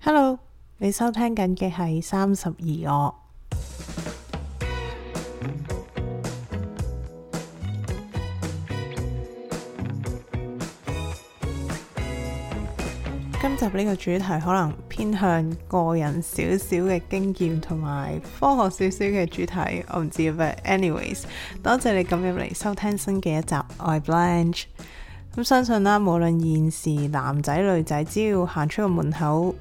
Hello，你收聽緊嘅係三十二個。今集呢個主題可能偏向個人少少嘅經驗，同埋科學少少嘅主題，我唔知，但係 anyways，多謝你咁入嚟收聽新嘅一集《愛 Blanche》。咁相信啦，無論現時男仔女仔，只要行出個門口。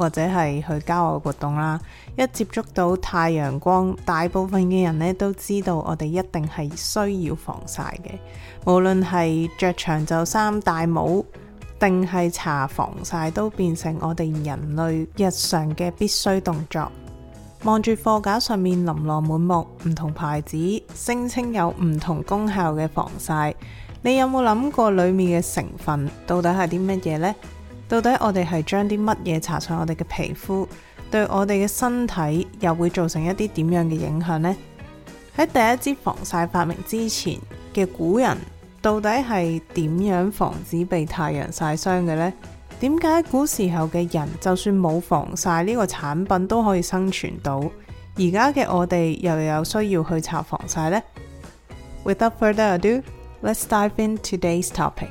或者係去郊外活動啦，一接觸到太陽光，大部分嘅人呢都知道我哋一定係需要防曬嘅。無論係着長袖衫、戴帽，定係搽防曬，都變成我哋人類日常嘅必須動作。望住貨架上面琳琅滿目唔同牌子，聲稱有唔同功效嘅防曬，你有冇諗過裡面嘅成分到底係啲乜嘢呢？到底我哋係將啲乜嘢搽上我哋嘅皮膚，對我哋嘅身體又會造成一啲點樣嘅影響呢？喺第一支防曬發明之前嘅古人，到底係點樣防止被太陽曬傷嘅呢？點解古時候嘅人就算冇防曬呢個產品都可以生存到？而家嘅我哋又有需要去搽防曬呢？Without further ado，let's dive in today's topic.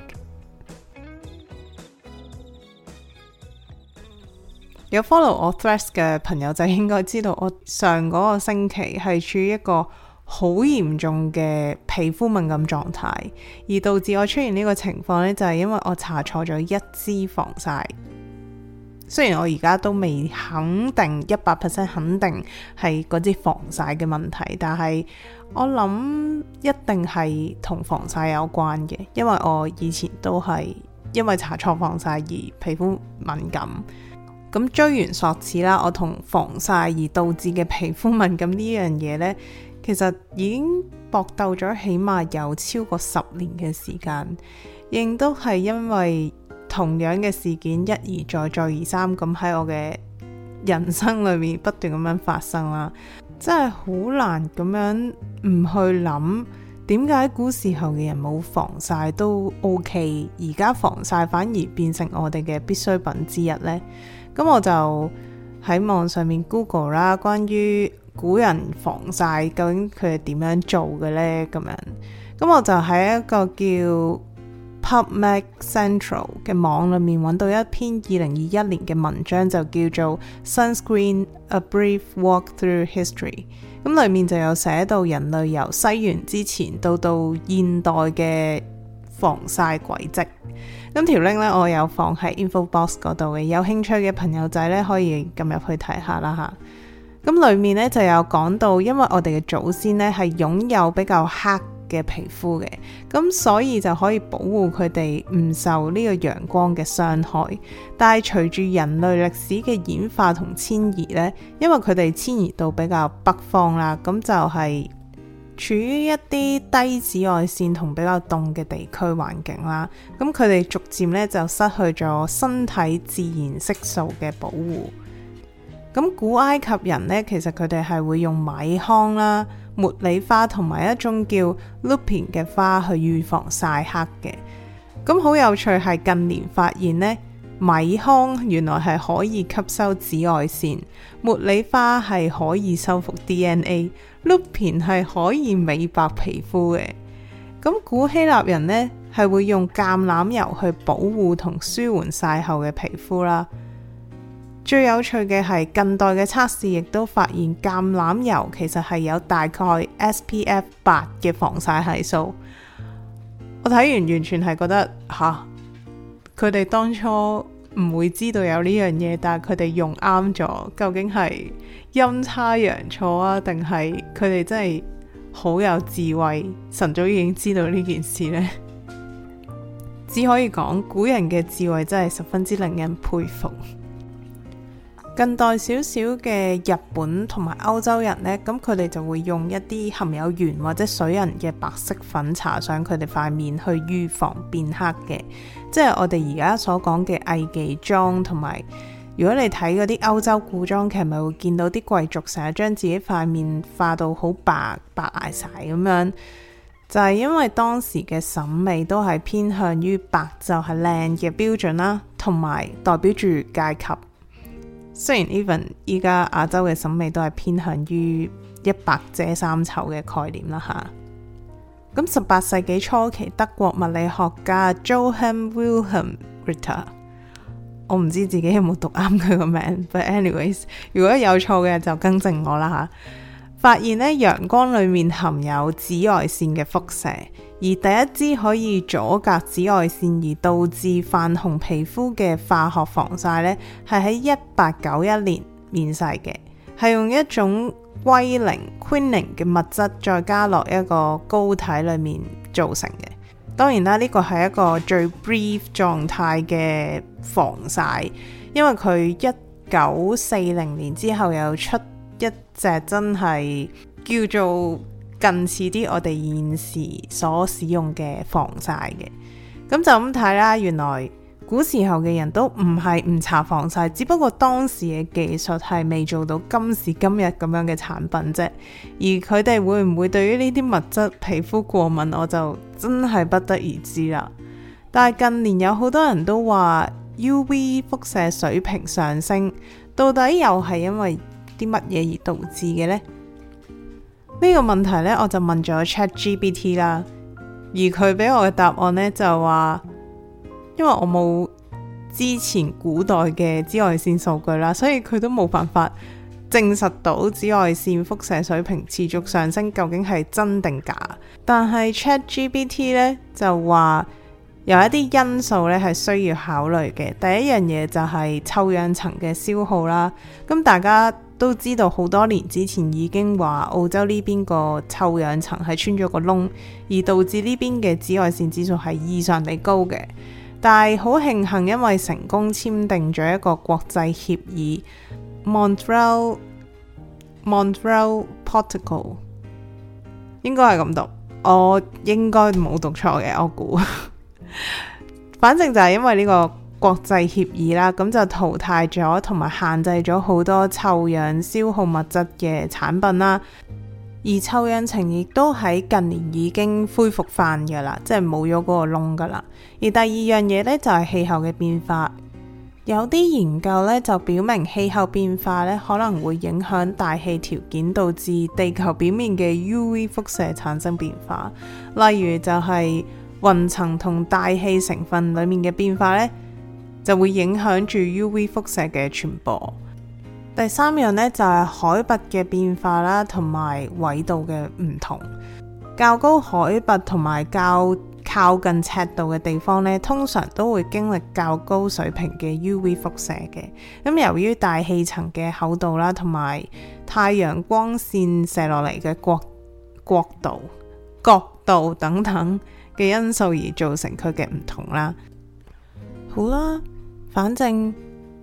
有 follow 我 Threads 嘅朋友就應該知道，我上嗰個星期係處於一個好嚴重嘅皮膚敏感狀態，而導致我出現呢個情況呢，就係因為我搽錯咗一支防曬。雖然我而家都未肯定一百 percent 肯定係嗰支防曬嘅問題，但係我諗一定係同防曬有關嘅，因為我以前都係因為搽錯防曬而皮膚敏感。咁追完索子啦，我同防晒而導致嘅皮膚敏感呢樣嘢呢，其實已經搏鬥咗，起碼有超過十年嘅時間，亦都係因為同樣嘅事件一而再，再而三咁喺我嘅人生裏面不斷咁樣發生啦。真係好難咁樣唔去諗點解古時候嘅人冇防曬都 OK，而家防曬反而變成我哋嘅必需品之一呢。咁我就喺網上面 Google 啦，關於古人防曬究竟佢哋點樣做嘅呢？咁樣，咁我就喺一個叫 PubMed Central 嘅網裏面揾到一篇二零二一年嘅文章，就叫做 Sunscreen：A Brief Walk Through History。咁裏面就有寫到人類由西元之前到到現代嘅防曬軌跡。咁條 link 咧，我有放喺 info box 嗰度嘅，有興趣嘅朋友仔咧，可以撳入去睇下啦吓，咁裡面咧就有講到，因為我哋嘅祖先咧係擁有比較黑嘅皮膚嘅，咁所以就可以保護佢哋唔受呢個陽光嘅傷害。但係隨住人類歷史嘅演化同遷移咧，因為佢哋遷移到比較北方啦，咁就係。處於一啲低紫外線同比較凍嘅地區環境啦，咁佢哋逐漸咧就失去咗身體自然色素嘅保護。咁古埃及人呢，其實佢哋係會用米糠啦、茉莉花同埋一種叫 lupin 嘅花去預防曬黑嘅。咁好有趣係近年發現呢。米糠原來係可以吸收紫外線，茉莉花係可以修復 DNA，Lupin 係可以美白皮膚嘅。咁古希臘人呢，係會用橄欖油去保護同舒緩曬後嘅皮膚啦。最有趣嘅係近代嘅測試亦都發現橄欖油其實係有大概 SPF 八嘅防曬係數。我睇完完全係覺得：「吓！」佢哋當初唔會知道有呢樣嘢，但係佢哋用啱咗。究竟係陰差陽錯啊，定係佢哋真係好有智慧？神早已經知道呢件事呢？ 只可以講古人嘅智慧真係十分之令人佩服。近代少少嘅日本同埋歐洲人呢，咁佢哋就會用一啲含有鉛或者水銀嘅白色粉搽上佢哋塊面，去預防變黑嘅。即係我哋而家所講嘅藝伎妝，同埋如果你睇嗰啲歐洲古裝劇，咪會見到啲貴族成日將自己塊面化到好白白晒咁樣，就係因為當時嘅審美都係偏向於白就係靚嘅標準啦，同埋代表住階級。雖然 even 依家亞洲嘅審美都係偏向於一白遮三醜嘅概念啦嚇。咁十八世紀初期，德國物理學家 Johann Wilhelm Ritter，我唔知自己有冇讀啱佢個名，But anyways，如果有錯嘅就更正我啦吓。發現咧，陽光裏面含有紫外線嘅輻射，而第一支可以阻隔紫外線而導致泛紅皮膚嘅化學防曬咧，係喺一八九一年面世嘅，係用一種。奎寧 （Queening） 嘅物質再加落一個膏體裏面造成嘅，當然啦，呢個係一個最 brief 狀態嘅防曬，因為佢一九四零年之後又出一隻真係叫做近似啲我哋現時所使用嘅防曬嘅，咁就咁睇啦，原來。古時候嘅人都唔係唔搽防曬，只不過當時嘅技術係未做到今時今日咁樣嘅產品啫。而佢哋會唔會對於呢啲物質皮膚過敏，我就真係不得而知啦。但係近年有好多人都話 UV 輻射水平上升，到底又係因為啲乜嘢而導致嘅呢？呢個問題呢，我就問咗 Chat GPT 啦，而佢俾我嘅答案呢，就話。因為我冇之前古代嘅紫外線數據啦，所以佢都冇辦法證實到紫外線輻射水平持續上升究竟係真定假？但係 ChatGPT 咧就話有一啲因素咧係需要考慮嘅。第一樣嘢就係臭氧層嘅消耗啦。咁大家都知道，好多年之前已經話澳洲呢邊個臭氧層係穿咗個窿，而導致呢邊嘅紫外線指數係異常地高嘅。但係好慶幸，因為成功簽訂咗一個國際協議 Montreal Montreal Protocol 應該係咁讀，我應該冇讀錯嘅，我估。 反正就係因為呢個國際協議啦，咁就淘汰咗同埋限制咗好多臭氧消耗物質嘅產品啦。而臭氧層亦都喺近年已經恢復翻噶啦，即係冇咗嗰個窿噶啦。而第二樣嘢呢，就係氣候嘅變化，有啲研究呢，就表明氣候變化呢，可能會影響大氣條件，導致地球表面嘅 UV 輻射產生變化。例如就係雲層同大氣成分裏面嘅變化呢，就會影響住 UV 輻射嘅傳播。第三樣呢，就係海拔嘅變化啦，同埋緯度嘅唔同。較高海拔同埋較靠近赤道嘅地方呢，通常都會經歷較高水平嘅 UV 輻射嘅。咁由於大氣層嘅厚度啦，同埋太陽光線射落嚟嘅角角度，角度等等嘅因素而造成佢嘅唔同啦。好啦，反正。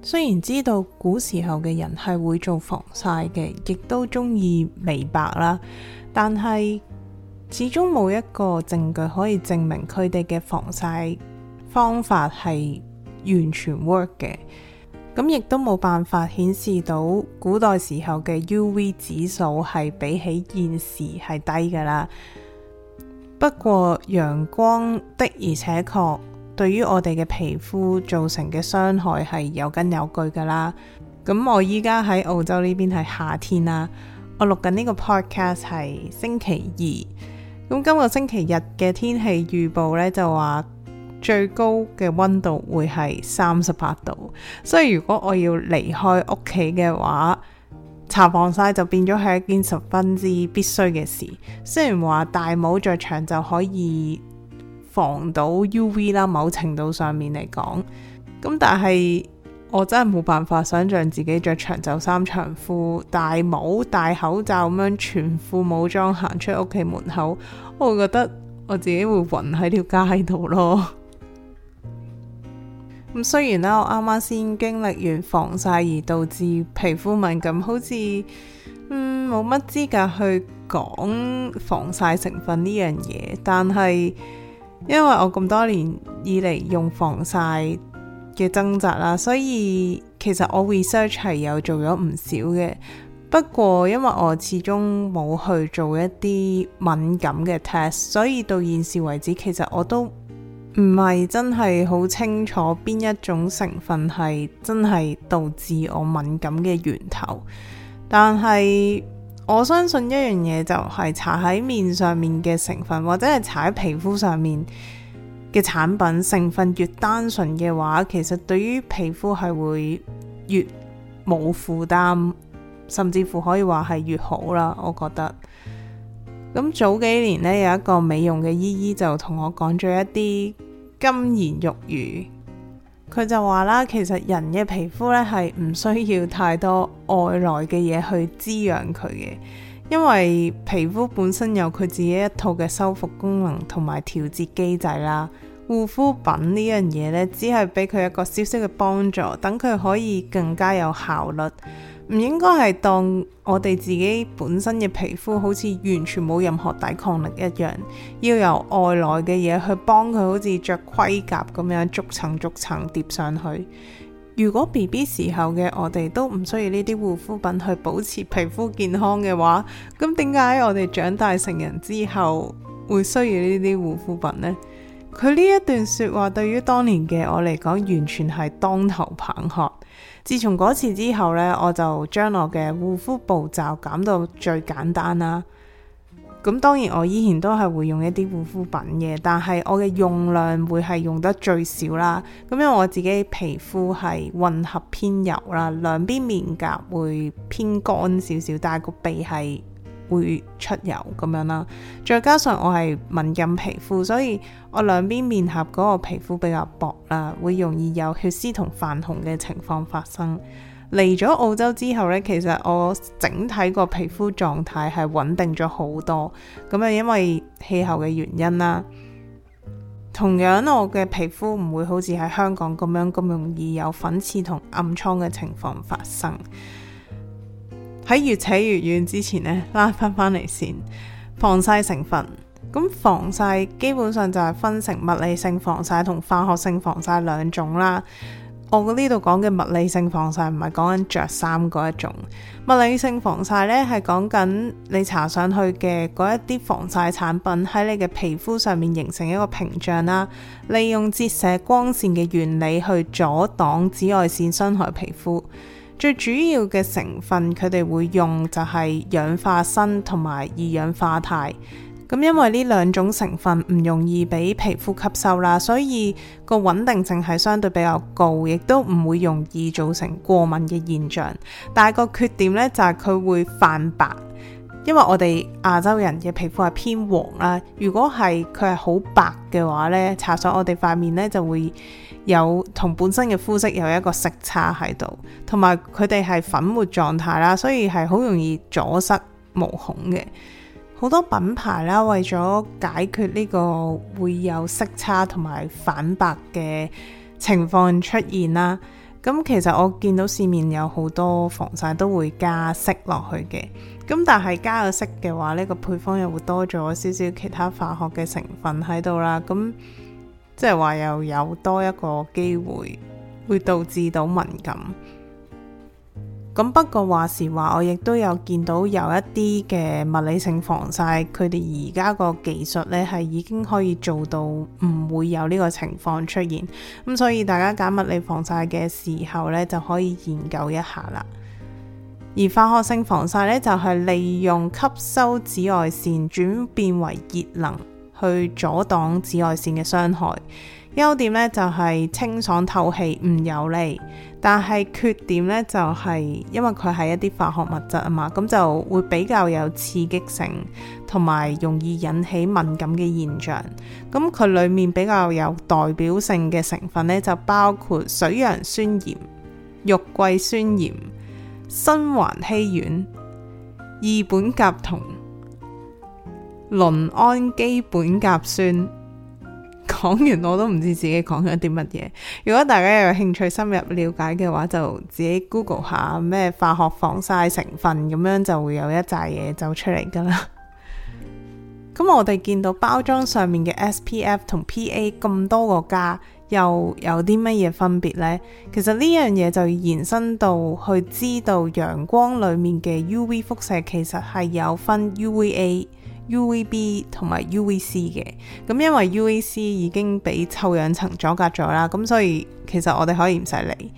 雖然知道古時候嘅人係會做防曬嘅，亦都中意美白啦，但係始終冇一個證據可以證明佢哋嘅防曬方法係完全 work 嘅。咁亦都冇辦法顯示到古代時候嘅 UV 指數係比起現時係低㗎喇。不過陽光的而且確，對於我哋嘅皮膚造成嘅傷害係有根有據㗎啦。咁我依家喺澳洲呢邊係夏天啦。我錄緊呢個 podcast 係星期二。咁今個星期日嘅天氣預報呢，就話最高嘅溫度會係三十八度。所以如果我要離開屋企嘅話，搽防曬就變咗係一件十分之必須嘅事。雖然話大帽着長就可以。防到 UV 啦，某程度上面嚟講咁，但係我真係冇辦法想象自己着長袖衫、長褲、戴帽、戴口罩咁樣全副武裝行出屋企門口，我覺得我自己會暈喺條街度咯。咁 雖然啦，我啱啱先經歷完防曬而導致皮膚敏感，好似嗯冇乜資格去講防曬成分呢樣嘢，但係。因為我咁多年以嚟用防曬嘅掙扎啦，所以其實我 research 係有做咗唔少嘅。不過因為我始終冇去做一啲敏感嘅 test，所以到現時為止，其實我都唔係真係好清楚邊一種成分係真係導致我敏感嘅源頭，但係。我相信一樣嘢就係搽喺面上面嘅成分，或者係搽喺皮膚上面嘅產品，成分越單純嘅話，其實對於皮膚係會越冇負擔，甚至乎可以話係越好啦。我覺得。咁早幾年呢，有一個美容嘅姨姨就同我講咗一啲金言玉語。佢就話啦，其實人嘅皮膚咧係唔需要太多外來嘅嘢去滋養佢嘅，因為皮膚本身有佢自己一套嘅修復功能同埋調節機制啦。護膚品呢樣嘢呢，只係俾佢一個小小嘅幫助，等佢可以更加有效率。唔應該係當我哋自己本身嘅皮膚好似完全冇任何抵抗力一樣，要由外來嘅嘢去幫佢好似着盔甲咁樣逐層逐層疊上去。如果 BB 時候嘅我哋都唔需要呢啲護膚品去保持皮膚健康嘅話，咁點解我哋長大成人之後會需要呢啲護膚品呢？佢呢一段說話對於當年嘅我嚟講，完全係當頭棒喝。自從嗰次之後呢，我就將我嘅護膚步驟減到最簡單啦。咁當然我依然都係會用一啲護膚品嘅，但係我嘅用量會係用得最少啦。咁因為我自己皮膚係混合偏油啦，兩邊面頰會偏乾少少，但係個鼻係會出油咁樣啦，再加上我係敏感皮膚，所以我兩邊面頰嗰個皮膚比較薄啦，會容易有血絲同泛紅嘅情況發生。嚟咗澳洲之後呢，其實我整體個皮膚狀態係穩定咗好多，咁啊因為氣候嘅原因啦。同樣我嘅皮膚唔會好似喺香港咁樣咁容易有粉刺同暗瘡嘅情況發生。喺越扯越遠之前呢，拉翻返嚟先，防曬成分。咁防曬基本上就係分成物理性防曬同化學性防曬兩種啦。我呢度講嘅物理性防曬唔係講緊着衫嗰一種，物理性防曬呢，係講緊你搽上去嘅嗰一啲防曬產品喺你嘅皮膚上面形成一個屏障啦，利用折射光線嘅原理去阻擋紫外線傷害皮膚。最主要嘅成分，佢哋會用就係氧化鋅同埋二氧化鈦。咁因為呢兩種成分唔容易俾皮膚吸收啦，所以個穩定性係相對比較高，亦都唔會容易造成過敏嘅現象。但係個缺點咧就係、是、佢會泛白，因為我哋亞洲人嘅皮膚係偏黃啦。如果係佢係好白嘅話咧，搽上我哋塊面咧就會。有同本身嘅膚色有一個色差喺度，同埋佢哋係粉末狀態啦，所以係好容易阻塞毛孔嘅。好多品牌啦，為咗解決呢個會有色差同埋反白嘅情況出現啦，咁其實我見到市面有好多防曬都會加色落去嘅，咁但係加咗色嘅話呢，呢個配方又會多咗少少其他化學嘅成分喺度啦，咁。即係話又有多一個機會，會導致到敏感。咁 不過話時話，我亦都有見到有一啲嘅物理性防曬，佢哋而家個技術呢係已經可以做到唔會有呢個情況出現。咁所以大家揀物理防曬嘅時候呢，就可以研究一下啦。而化學性防曬呢，就係利用吸收紫外線轉變為熱能。去阻擋紫外線嘅傷害，優點呢就係、是、清爽透氣，唔油膩。但係缺點呢就係、是、因為佢係一啲化學物質啊嘛，咁就會比較有刺激性，同埋容易引起敏感嘅現象。咁佢裡面比較有代表性嘅成分呢，就包括水楊酸鹽、肉桂酸鹽、新環希烷、二苯甲酮。鄰安基本甲酸。講完我都唔知自己講咗啲乜嘢。如果大家有興趣深入了解嘅話，就自己 Google 下咩化學防曬成分咁樣就會有一紮嘢走出嚟噶啦。咁 我哋見到包裝上面嘅 SPF 同 PA 咁多個加，又有啲乜嘢分別呢？其實呢樣嘢就延伸到去知道陽光裏面嘅 UV 輻射其實係有分 UVA。UVB 同埋 UVC 嘅，咁因為 UVC 已經俾臭氧層阻隔咗啦，咁所以其實我哋可以唔使理。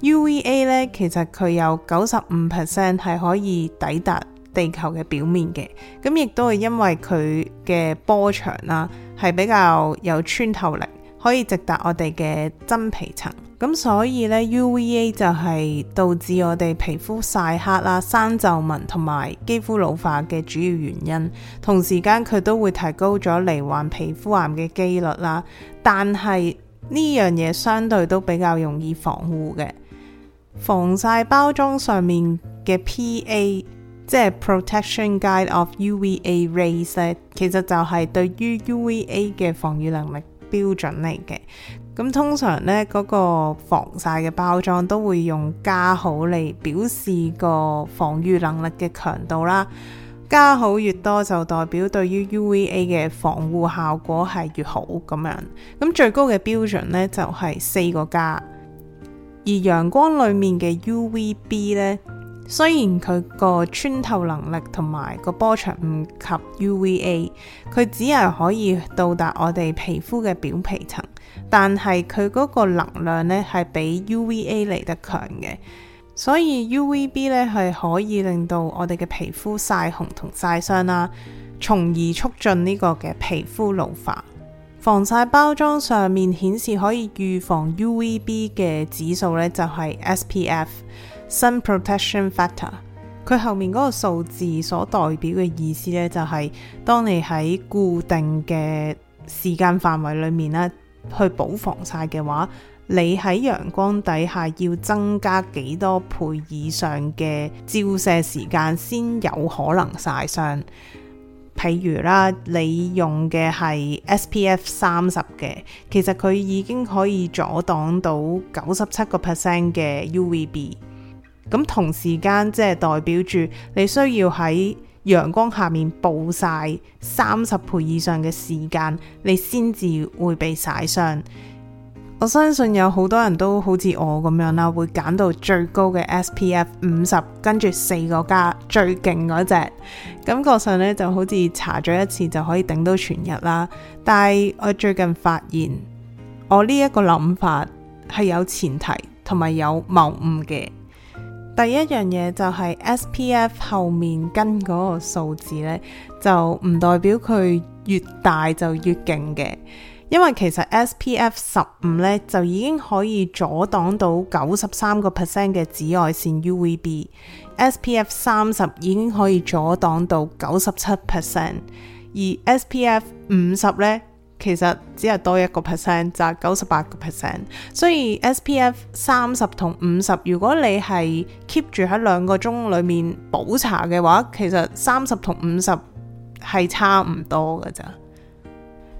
UVA 呢，其實佢有九十五 percent 係可以抵達地球嘅表面嘅，咁亦都係因為佢嘅波長啦，係比較有穿透力，可以直達我哋嘅真皮層。咁所以咧，UVA 就係導致我哋皮膚曬黑啦、生皺紋同埋肌膚老化嘅主要原因。同時間佢都會提高咗罹患皮膚癌嘅機率啦。但係呢樣嘢相對都比較容易防護嘅。防曬包裝上面嘅 PA，即係 Protection Guide of UVA Rays 咧，其實就係對於 UVA 嘅防禦能力標準嚟嘅。咁通常咧，嗰個防曬嘅包裝都會用加號嚟表示個防禦能力嘅強度啦。加號越多就代表對於 UVA 嘅防護效果係越好咁樣。咁最高嘅標準咧就係四個加。而陽光裡面嘅 UVB 咧。雖然佢個穿透能力同埋個波長唔及 UVA，佢只係可以到達我哋皮膚嘅表皮層，但係佢嗰個能量呢係比 UVA 嚟得強嘅，所以 UVB 呢係可以令到我哋嘅皮膚曬紅同曬傷啦，從而促進呢個嘅皮膚老化。防曬包裝上面顯示可以預防 UVB 嘅指數呢就係 SPF。Sun protection factor，佢後面嗰個數字所代表嘅意思咧、就是，就係當你喺固定嘅時間範圍裏面咧，去補防曬嘅話，你喺陽光底下要增加幾多倍以上嘅照射時間先有可能曬傷，譬如啦，你用嘅係 SPF 三十嘅，其實佢已經可以阻擋到九十七個 percent 嘅 UVB。咁同時間即係代表住你需要喺陽光下面暴晒三十倍以上嘅時間，你先至會被晒傷。我相信有好多人都好似我咁樣啦，會揀到最高嘅 SPF 五十，跟住四個加最勁嗰隻。感覺上咧就好似搽咗一次就可以頂到全日啦。但係我最近發現，我呢一個諗法係有前提同埋有謬誤嘅。第一樣嘢就係 SPF 後面跟嗰個數字呢，就唔代表佢越大就越勁嘅，因為其實 SPF 十五呢，就已經可以阻擋到九十三個 percent 嘅紫外線 UVB，SPF 三十已經可以阻擋到九十七 percent，而 SPF 五十呢。其實只係多一個 percent，就九十八個 percent。所以 SPF 三十同五十，50，如果你係 keep 住喺兩個鐘裏面補搽嘅話，其實三十同五十係差唔多嘅咋。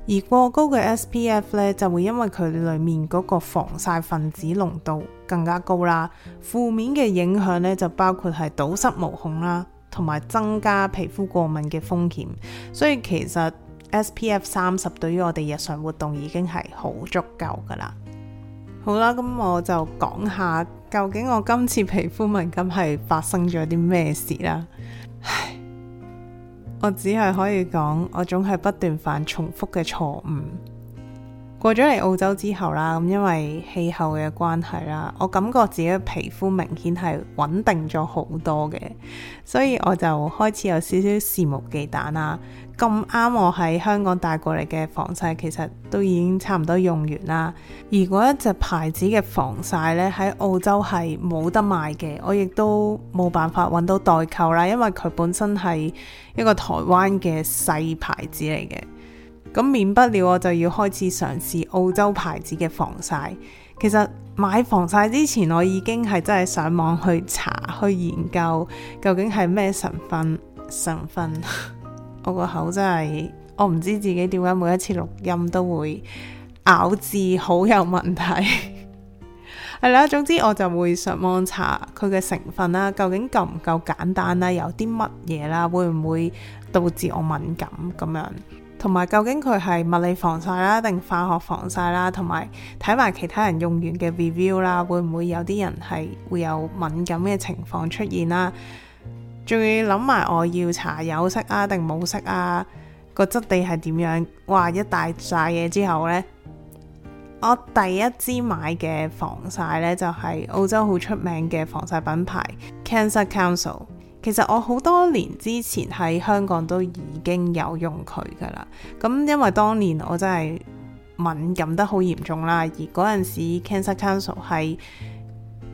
而過高嘅 SPF 呢，就會因為佢裡面嗰個防曬分子濃度更加高啦，負面嘅影響呢，就包括係堵塞毛孔啦，同埋增加皮膚過敏嘅風險。所以其實。SPF 三十對於我哋日常活動已經係好足夠噶啦。好啦，咁我就講下究竟我今次皮膚敏感係發生咗啲咩事啦。唉，我只係可以講，我總係不斷犯重複嘅錯誤。過咗嚟澳洲之後啦，咁因為氣候嘅關係啦，我感覺自己嘅皮膚明顯係穩定咗好多嘅，所以我就開始有少少肆無忌憚啦。咁啱我喺香港帶過嚟嘅防曬其實都已經差唔多用完啦。如果一隻牌子嘅防曬呢，喺澳洲係冇得賣嘅，我亦都冇辦法揾到代購啦，因為佢本身係一個台灣嘅細牌子嚟嘅。咁免不了我就要開始嘗試澳洲牌子嘅防曬。其實買防曬之前，我已經係真係上網去查去研究，究竟係咩成分成分。我個口真係，我唔知自己點解每一次錄音都會咬字好有問題，係 啦。總之我就會上網查佢嘅成分啦，究竟夠唔夠簡單啦，有啲乜嘢啦，會唔會導致我敏感咁樣？同埋究竟佢係物理防曬啦，定化學防曬啦？同埋睇埋其他人用完嘅 review 啦，會唔會有啲人係會有敏感嘅情況出現啦？仲要諗埋我要搽有色啊定冇色啊，個質地係點樣？哇！一大晒嘢之後呢，我第一支買嘅防曬呢，就係澳洲好出名嘅防曬品牌 Cancer Council。其實我好多年之前喺香港都已經有用佢㗎喇。咁因為當年我真係敏感得好嚴重啦，而嗰陣時 Cancer Council 係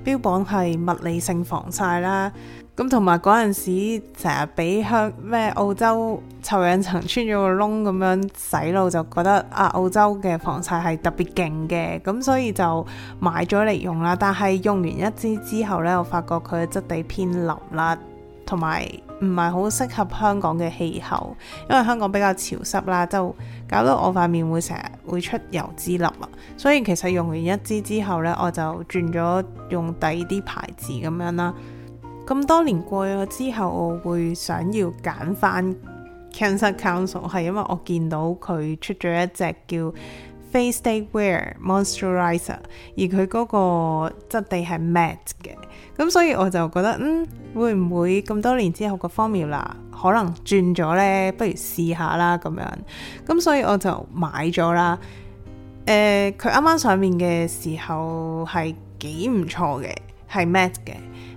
標榜係物理性防曬啦。咁同埋嗰陣時，成日俾香咩澳洲臭氧層穿咗個窿咁樣洗腦，就覺得啊澳洲嘅防曬係特別勁嘅，咁所以就買咗嚟用啦。但係用完一支之後呢，我發覺佢嘅質地偏腍啦，同埋唔係好適合香港嘅氣候，因為香港比較潮濕啦，就搞到我塊面會成日會出油脂粒啊。所以其實用完一支之後呢，我就轉咗用第二啲牌子咁樣啦。咁多年過咗之後，我會想要揀翻 Cancer Council 係因為我見到佢出咗一隻叫 Face Day Wear Moisturiser 而佢嗰個質地係 mat 嘅。咁所以我就覺得，嗯，會唔會咁多年之後個 Formula 可能轉咗呢，不如試下啦，咁樣。咁所以我就買咗啦。誒、呃，佢啱啱上面嘅時候係幾唔錯嘅，係 mat 嘅。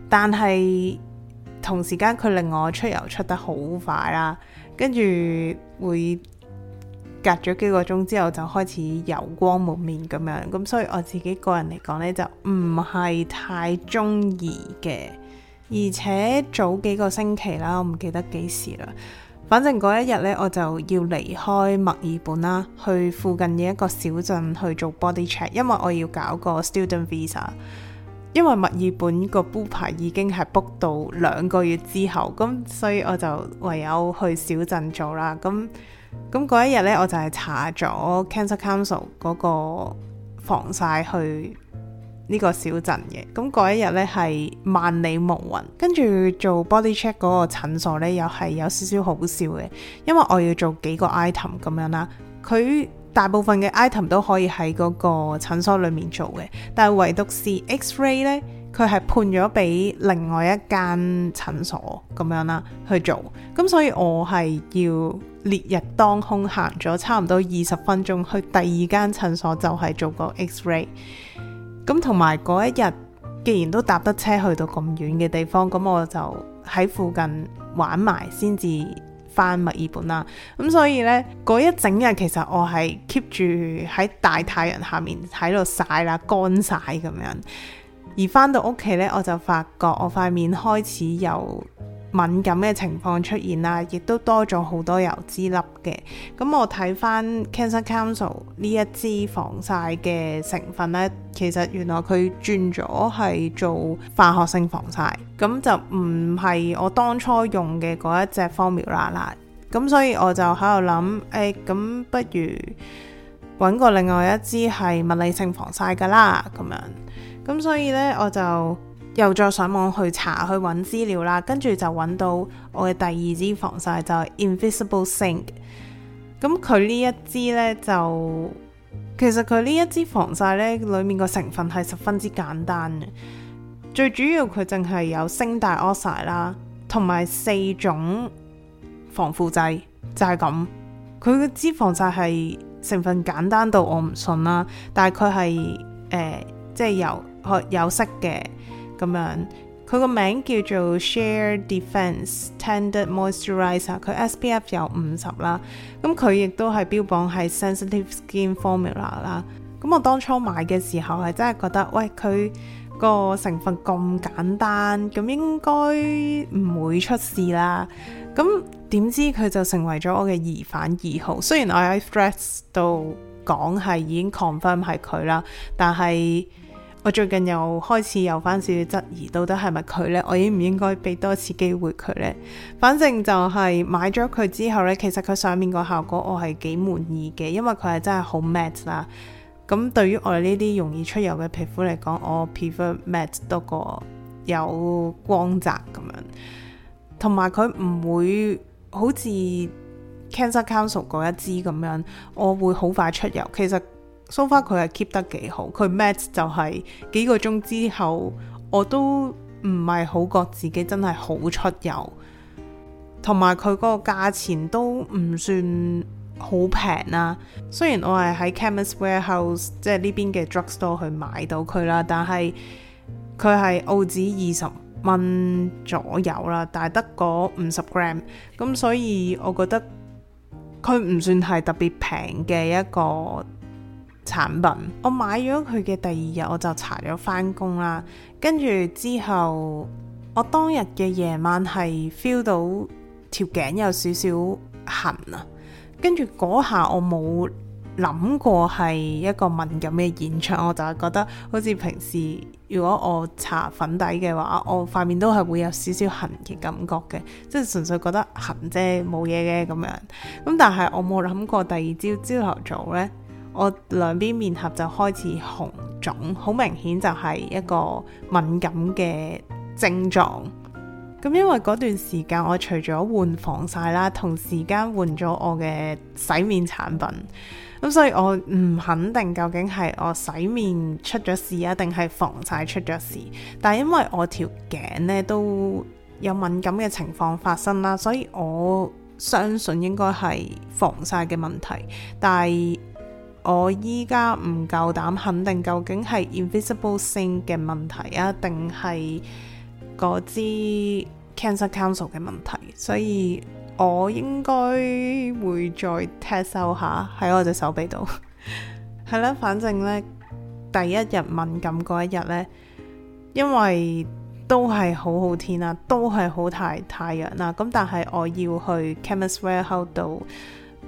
但係同時間佢令我出油出得好快啦，跟住會隔咗幾個鐘之後就開始油光滿面咁樣，咁所以我自己個人嚟講呢，就唔係太中意嘅。而且早幾個星期啦，我唔記得幾時啦，反正嗰一日呢，我就要離開墨爾本啦，去附近嘅一個小鎮去做 body check，因為我要搞個 student visa。因為墨爾本個 book 牌已經係 book 到兩個月之後，咁所以我就唯有去小鎮做啦。咁咁嗰一日呢，我就係搽咗 Cancer Council 嗰個防曬去呢個小鎮嘅。咁嗰一日呢，係萬里無雲，跟住做 body check 嗰個診所呢，又係有少少好笑嘅，因為我要做幾個 item 咁樣啦，佢。大部分嘅 item 都可以喺嗰個診所裏面做嘅，但係唯獨是 X-ray 咧，佢係判咗俾另外一間診所咁樣啦，去做。咁所以我係要烈日當空行咗差唔多二十分鐘去第二間診所就，就係做個 X-ray。咁同埋嗰一日，既然都搭得車去到咁遠嘅地方，咁我就喺附近玩埋先至翻墨爾本啦，咁所以呢，嗰一整日，其實我係 keep 住喺大太陽下面喺度曬啦，乾曬咁樣，而翻到屋企呢，我就發覺我塊面開始有。敏感嘅情況出現啦，亦都多咗好多油脂粒嘅。咁我睇翻 Cancer Council 呢一支防曬嘅成分呢，其實原來佢轉咗係做化學性防曬，咁就唔係我當初用嘅嗰一隻 Formula 啦。咁所以我就喺度諗，誒、哎、咁不如揾個另外一支係物理性防曬嘅啦，咁樣。咁所以呢，我就。又再上網去查去揾資料啦，跟住就揾到我嘅第二支防曬就係、Invisible Zinc，咁佢呢一支呢，就其實佢呢一支防曬呢裡面個成分係十分之簡單嘅。最主要佢淨係有升大 oxide 啦，同埋四種防腐劑就係、是、咁。佢嘅支防曬係成分簡單到我唔信啦。但係佢係即係有可有色嘅。咁樣，佢個名叫做 Share Defense Tended Moisturizer，佢 SPF 有五十啦。咁佢亦都係標榜係 Sensitive Skin Formula 啦。咁、嗯、我當初買嘅時候係真係覺得，喂，佢個成分咁簡單，咁應該唔會出事啦。咁、嗯、點知佢就成為咗我嘅疑犯二號。雖然我喺 Threads 度講係已經 confirm 係佢啦，但係我最近又開始有翻少少質疑，到底係咪佢呢？我應唔應該俾多次機會佢呢？反正就係買咗佢之後呢，其實佢上面個效果我係幾滿意嘅，因為佢係真係好 mat 啦。咁對於我哋呢啲容易出油嘅皮膚嚟講，我 prefer mat 多過有光澤咁樣，同埋佢唔會好似 Cancer Council 嗰一支咁樣，我會好快出油。其實。So far，佢係 keep 得幾好，佢 match 就係幾個鐘之後，我都唔係好覺自己真係好出油，同埋佢嗰個價錢都唔算好平啦。雖然我係喺 Chemist Warehouse 即係呢邊嘅 drugstore 去買到佢啦，但係佢係澳紙二十蚊左右啦，但係得嗰五十 gram，咁所以我覺得佢唔算係特別平嘅一個。產品，我買咗佢嘅第二日我就搽咗翻工啦，跟住之後我當日嘅夜晚係 feel 到條頸有少少痕啊，跟住嗰下我冇諗過係一個敏感嘅現象，我就係覺得好似平時如果我搽粉底嘅話，我塊面都係會有少少痕嘅感覺嘅，即係純粹覺得痕啫，冇嘢嘅咁樣。咁但係我冇諗過第二朝朝頭早呢。我兩邊面頰就開始紅腫，好明顯就係一個敏感嘅症狀。咁因為嗰段時間我除咗換防曬啦，同時間換咗我嘅洗面產品，咁所以我唔肯定究竟係我洗面出咗事啊，定係防曬出咗事。但係因為我條頸呢都有敏感嘅情況發生啦，所以我相信應該係防曬嘅問題，但係，我依家唔夠膽肯定究竟係 invisible thing 嘅問題啊，定係嗰支 cancer council 嘅問題，所以我應該會再 test 下喺我隻手臂度，係 啦，反正呢，第一日敏感嗰一日呢，因為都係好好天啦、啊，都係好太太陽啦、啊，咁但係我要去 chemist warehouse 度、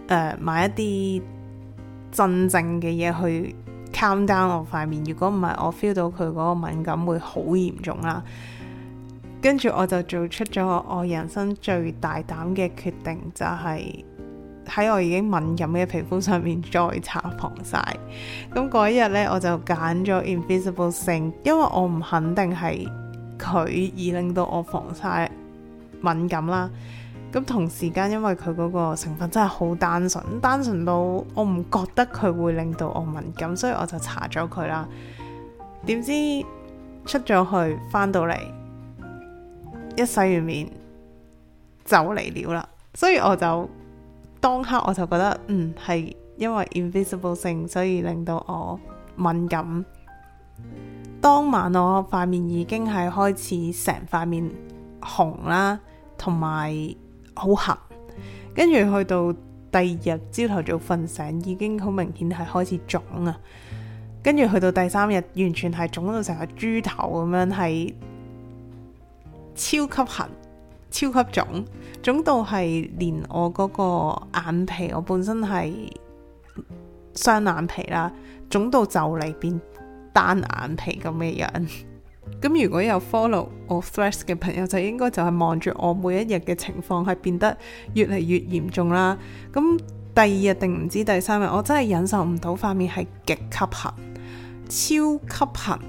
呃、誒買一啲。真正嘅嘢去 calm down 我塊面，如果唔係我 feel 到佢嗰個敏感會好嚴重啦。跟住我就做出咗我人生最大膽嘅決定，就係喺我已經敏感嘅皮膚上面再搽防曬。咁嗰一日咧，我就揀咗 Invisible Zinc，因為我唔肯定係佢而令到我防曬敏感啦。咁同時間，因為佢嗰個成分真係好單純，單純到我唔覺得佢會令到我敏感，所以我就搽咗佢啦。點知出咗去，返到嚟一洗完面就嚟了啦，所以我就當刻我就覺得，嗯，係因為 invisible 性，所以令到我敏感。當晚我塊面已經係開始成塊面紅啦，同埋。好痕，跟住去到第二日朝頭早瞓醒，已經好明顯係開始腫啊。跟住去到第三日，完全係腫到成個豬頭咁樣，係超級痕，超級腫，腫到係連我嗰個眼皮，我本身係雙眼皮啦，腫到就嚟變單眼皮咁嘅樣。咁如果有 follow 我 threads 嘅朋友，就應該就係望住我每一日嘅情況係變得越嚟越嚴重啦。咁第二日定唔知第三日，我真係忍受唔到塊面係極級痕、超級痕，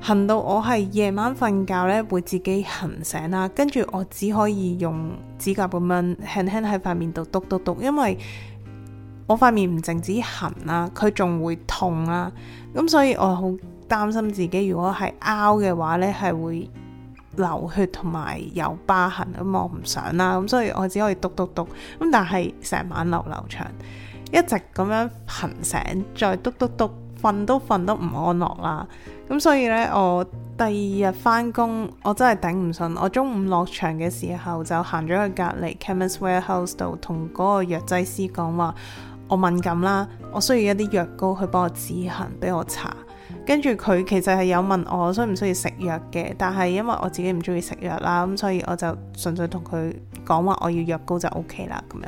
痕到我係夜晚瞓覺咧會自己痕醒啦。跟住我只可以用指甲咁樣輕輕喺塊面度篤篤篤，因為我塊面唔淨止痕啦，佢仲會痛啊。咁所以我好擔心自己如果係拗嘅話呢係會流血同埋有疤痕咁，我唔想啦。咁所以，我只可以督督督。咁，但係成晚流流長，一直咁樣行醒，再督督督，瞓都瞓得唔安樂啦。咁所以呢，我第二日翻工，我真係頂唔順。我中午落場嘅時候，就行咗去隔離 Chemist Warehouse 度，同嗰個藥劑師講話，我敏感啦，我需要一啲藥膏去幫我止痕，俾我搽。跟住佢其實係有問我需唔需要食藥嘅，但係因為我自己唔中意食藥啦，咁所以我就純粹同佢講話我要藥膏就 OK 啦咁樣。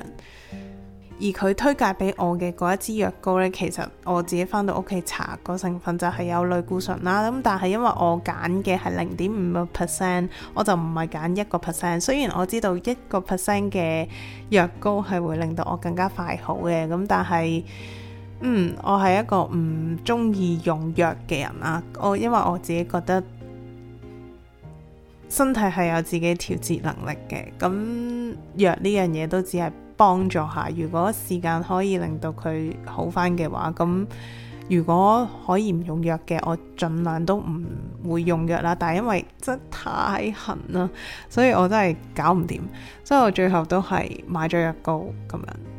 而佢推介俾我嘅嗰一支藥膏呢，其實我自己返到屋企查個成分就係有類固醇啦，咁但係因為我揀嘅係零點五個 percent，我就唔係揀一個 percent。雖然我知道一個 percent 嘅藥膏係會令到我更加快好嘅，咁但係。嗯，我係一個唔中意用藥嘅人啊，我因為我自己覺得身體係有自己調節能力嘅，咁藥呢樣嘢都只係幫助下。如果時間可以令到佢好返嘅話，咁如果可以唔用藥嘅，我盡量都唔會用藥啦。但係因為真太痕啦，所以我真係搞唔掂，所以我最後都係買咗藥膏咁樣。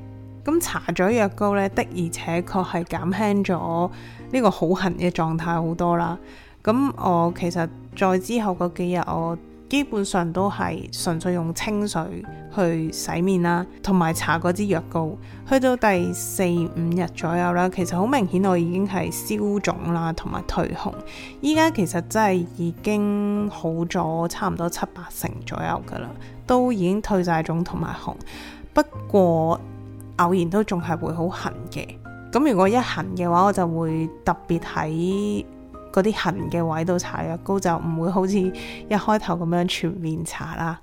咁搽咗藥膏咧，的而且確係減輕咗呢個好痕嘅狀態好多啦。咁我其實再之後嗰幾日，我基本上都係純粹用清水去洗面啦，同埋搽嗰支藥膏。去到第四五日左右啦，其實好明顯，我已經係消腫啦，同埋退紅。依家其實真係已經好咗差唔多七八成左右㗎喇，都已經退晒腫同埋紅。不過，偶然都仲係會好痕嘅，咁如果一痕嘅話，我就會特別喺嗰啲痕嘅位度搽藥膏，就唔會好似一開頭咁樣全面搽啦。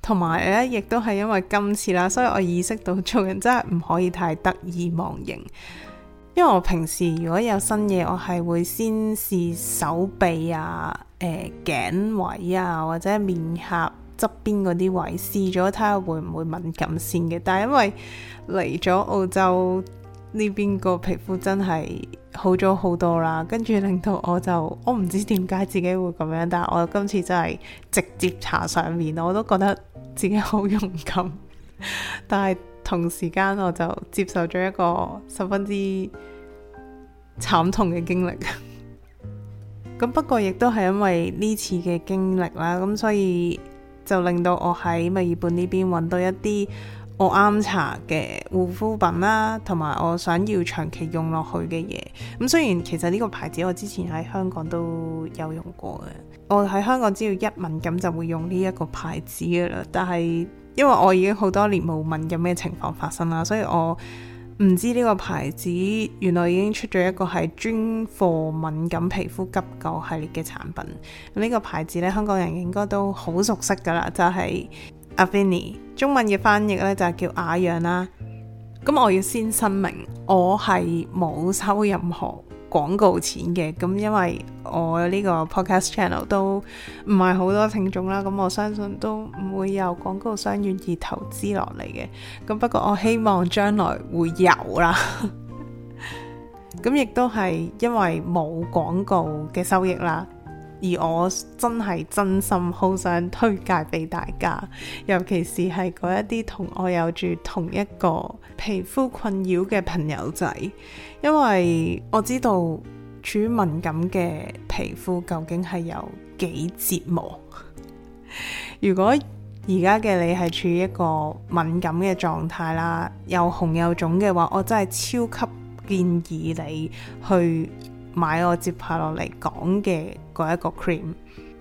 同埋咧，亦都係因為今次啦，所以我意識到做人真係唔可以太得意忘形，因為我平時如果有新嘢，我係會先試手臂啊、誒、欸、頸位啊或者面頰。側邊嗰啲位試咗，睇下會唔會敏感先嘅。但係因為嚟咗澳洲呢邊個皮膚真係好咗好多啦，跟住令到我就我唔知點解自己會咁樣，但係我今次真係直接搽上面，我都覺得自己好勇敢。但係同時間我就接受咗一個十分之慘痛嘅經歷。咁 不過亦都係因為呢次嘅經歷啦，咁所以。就令到我喺墨爾本呢邊揾到一啲我啱搽嘅護膚品啦，同埋我想要長期用落去嘅嘢。咁雖然其實呢個牌子我之前喺香港都有用過嘅，我喺香港只要一敏感就會用呢一個牌子嘅啦。但係因為我已經好多年冇敏感咩情況發生啦，所以我。唔知呢個牌子原來已經出咗一個係專貨敏感皮膚急救系列嘅產品。呢、這個牌子咧，香港人應該都好熟悉㗎啦，就係、是、Avène，中文嘅翻譯咧就係叫雅漾啦。咁我要先申明，我係冇收任何廣告錢嘅，咁因為我呢個 podcast channel 都唔係好多聽眾啦，咁我相信都唔會有廣告商願意投資落嚟嘅。咁不過我希望將來會有啦。咁亦都係因為冇廣告嘅收益啦。而我真係真心好想推介俾大家，尤其是係嗰一啲同我有住同一個皮膚困擾嘅朋友仔，因為我知道處於敏感嘅皮膚究竟係有幾折磨。 如果而家嘅你係處於一個敏感嘅狀態啦，又紅又腫嘅話，我真係超級建議你去買我接下落嚟講嘅嗰一個 cream，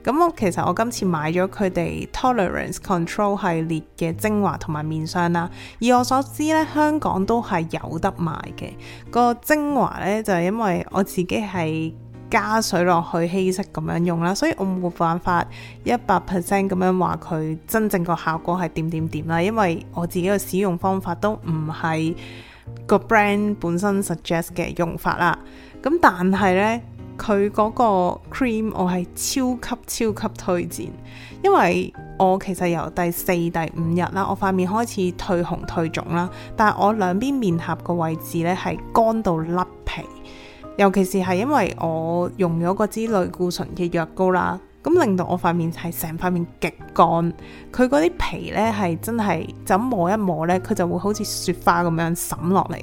咁我其實我今次買咗佢哋 Tolerance Control 系列嘅精華同埋面霜啦。以我所知咧，香港都係有得賣嘅。個精華咧，就係因為我自己係加水落去稀釋咁樣用啦，所以我冇辦法一百 percent 咁樣話佢真正個效果係點點點啦。因為我自己嘅使用方法都唔係個 brand 本身 suggest 嘅用法啦。咁但係呢，佢嗰個 cream 我係超級超級推薦，因為我其實由第四第五日啦，我塊面開始退紅退腫啦，但係我兩邊面頰嘅位置呢，係乾到甩皮，尤其是係因為我用咗嗰支類固醇嘅藥膏啦，咁令到我塊面係成塊面極乾，佢嗰啲皮呢，係真係就咁摸一摸呢，佢就會好似雪花咁樣沈落嚟。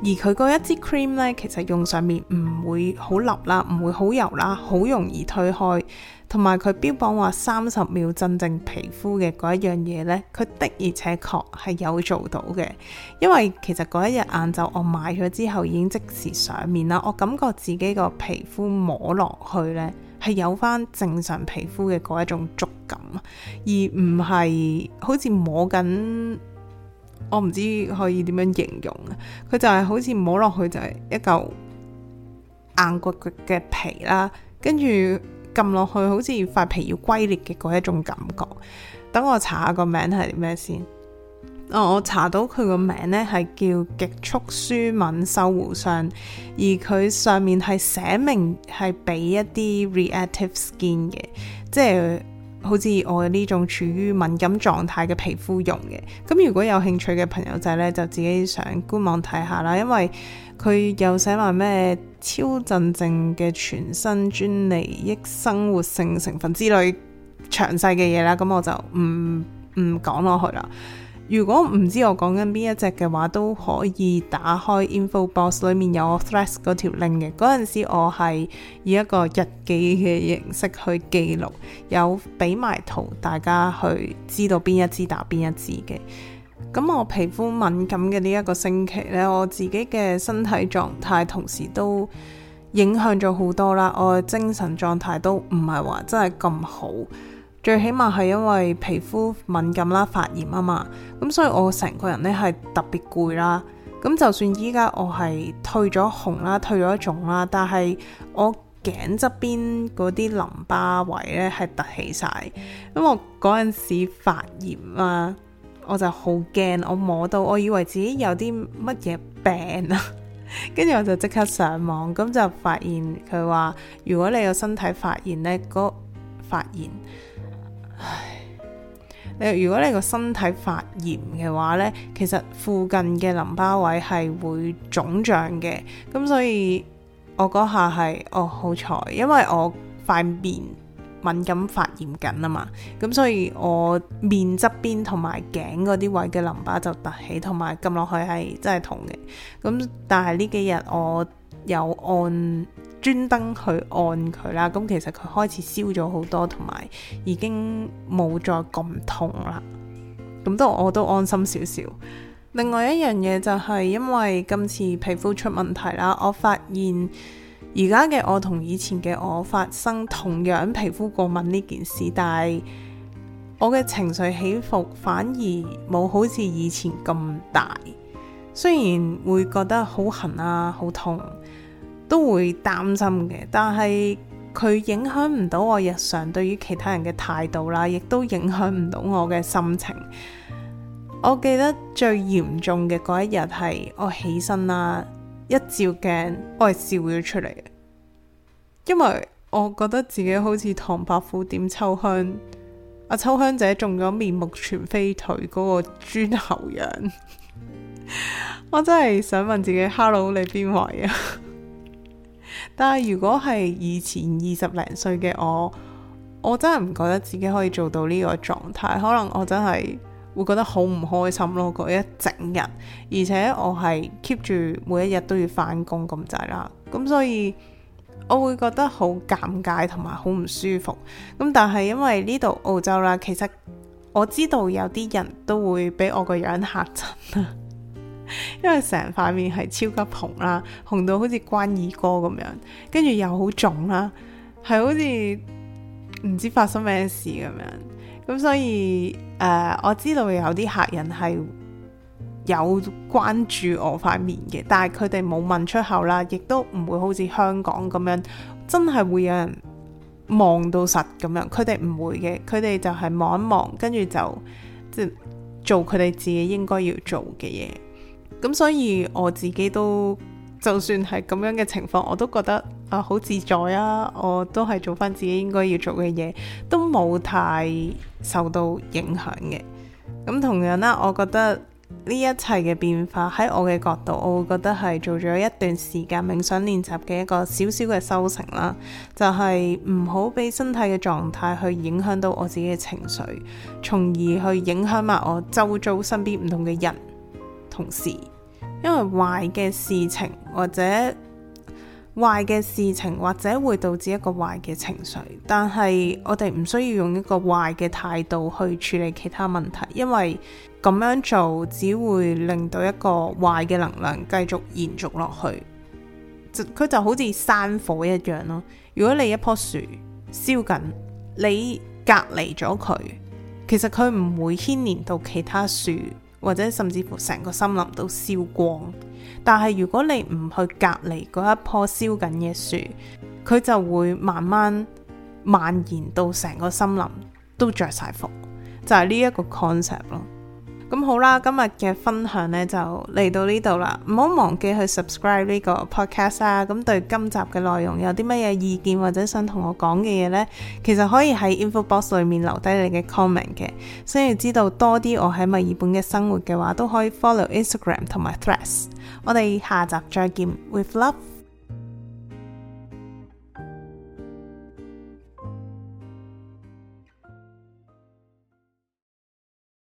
而佢嗰一支 cream 咧，其實用上面唔會好笠啦，唔會好油啦，好容易推開。同埋佢標榜話三十秒鎮靜皮膚嘅嗰一樣嘢呢，佢的而且確係有做到嘅。因為其實嗰一日晏晝我買咗之後已經即時上面啦，我感覺自己個皮膚摸落去呢，係有返正常皮膚嘅嗰一種觸感，而唔係好似摸緊。我唔知可以點樣形容啊！佢就係好似摸落去就係一嚿硬掘掘嘅皮啦，跟住撳落去好似塊皮要龜裂嘅嗰一種感覺。等我查下個名係咩先。哦，我查到佢個名呢係叫極速舒敏修護霜，而佢上面係寫明係俾一啲 reactive skin 嘅，即係。好似我呢種處於敏感狀態嘅皮膚用嘅，咁如果有興趣嘅朋友仔呢，就自己上官網睇下啦，因為佢有寫埋咩超鎮靜嘅全新專利益生活性成分之類詳細嘅嘢啦，咁我就唔唔講落去啦。如果唔知我講緊邊一隻嘅話，都可以打開 info box 裏面有我 threads 嗰條 link 嘅。嗰陣時我係以一個日記嘅形式去記錄，有俾埋圖大家去知道邊一支打邊一支嘅。咁我皮膚敏感嘅呢一個星期呢，我自己嘅身體狀態同時都影響咗好多啦。我嘅精神狀態都唔係話真係咁好。最起碼係因為皮膚敏感啦，發炎啊嘛，咁所以我成個人咧係特別攰啦。咁就算依家我係退咗紅啦，退咗腫啦，但係我頸側邊嗰啲淋巴位咧係凸起晒。咁我嗰陣時發炎啦，我就好驚，我摸到我以為自己有啲乜嘢病啊，跟 住我就即刻上網，咁就發現佢話如果你有身體發炎呢，嗰、那個、發炎。唉，你如果你個身體發炎嘅話呢，其實附近嘅淋巴位係會腫脹嘅，咁所以我嗰下係，哦，好彩，因為我塊面敏感發炎緊啊嘛，咁所以我面側邊同埋頸嗰啲位嘅淋巴就凸起的，同埋撳落去係真係痛嘅，咁但係呢幾日我有按。專登去按佢啦，咁其實佢開始消咗好多，同埋已經冇再咁痛啦。咁都我都安心少少。另外一樣嘢就係因為今次皮膚出問題啦，我發現而家嘅我同以前嘅我發生同樣皮膚過敏呢件事，但係我嘅情緒起伏反而冇好似以前咁大。雖然會覺得好痕啊，好痛。都會擔心嘅，但係佢影響唔到我日常對於其他人嘅態度啦，亦都影響唔到我嘅心情。我記得最嚴重嘅嗰一日係我起身啦，一照鏡，我係笑咗出嚟，因為我覺得自己好似唐伯虎點秋香，阿秋香姐中咗面目全非，佢嗰個豬頭樣， 我真係想問自己，hello，你邊位啊？ 但係如果係以前二十零歲嘅我，我真係唔覺得自己可以做到呢個狀態，可能我真係會覺得好唔開心咯，嗰一整日，而且我係 keep 住每一日都要返工咁滯啦，咁所以我會覺得好尷尬同埋好唔舒服。咁但係因為呢度澳洲啦，其實我知道有啲人都會俾我個樣嚇親啦。因為成塊面係超級紅啦，紅到好似關二哥咁樣，跟住又好腫啦，係好似唔知發生咩事咁樣。咁、嗯、所以誒、呃，我知道有啲客人係有關注我塊面嘅，但係佢哋冇問出口啦，亦都唔會好似香港咁樣，真係會有人望到實咁樣。佢哋唔會嘅，佢哋就係望一望，跟住就即、就是、做佢哋自己應該要做嘅嘢。咁所以我自己都就算係咁樣嘅情況，我都覺得啊好自在啊！我都係做返自己應該要做嘅嘢，都冇太受到影響嘅。咁同樣啦，我覺得呢一切嘅變化喺我嘅角度，我覺得係做咗一段時間冥想練習嘅一個小小嘅收成啦。就係唔好俾身體嘅狀態去影響到我自己嘅情緒，從而去影響埋我周遭身邊唔同嘅人。同時，因為壞嘅事情或者壞嘅事情或者會導致一個壞嘅情緒，但係我哋唔需要用一個壞嘅態度去處理其他問題，因為咁樣做只會令到一個壞嘅能量繼續延續落去。佢就好似山火一樣咯。如果你一棵樹燒緊，你隔離咗佢，其實佢唔會牽連到其他樹，或者甚至乎成個森林都燒光，但係如果你唔去隔離嗰一棵燒緊嘅樹，佢就會慢慢蔓延到成個森林都着晒火，就係呢一個 concept 咯。咁好啦，今日嘅分享呢就嚟到呢度啦，唔好忘記去 subscribe 呢個 podcast 啊！咁對今集嘅內容有啲乜嘢意見或者想同我講嘅嘢呢，其實可以喺 infobox 裏面留低你嘅 comment 嘅。想要知道多啲我喺墨爾本嘅生活嘅話，都可以 follow Instagram 同埋 Threads。我哋下集再見，with love。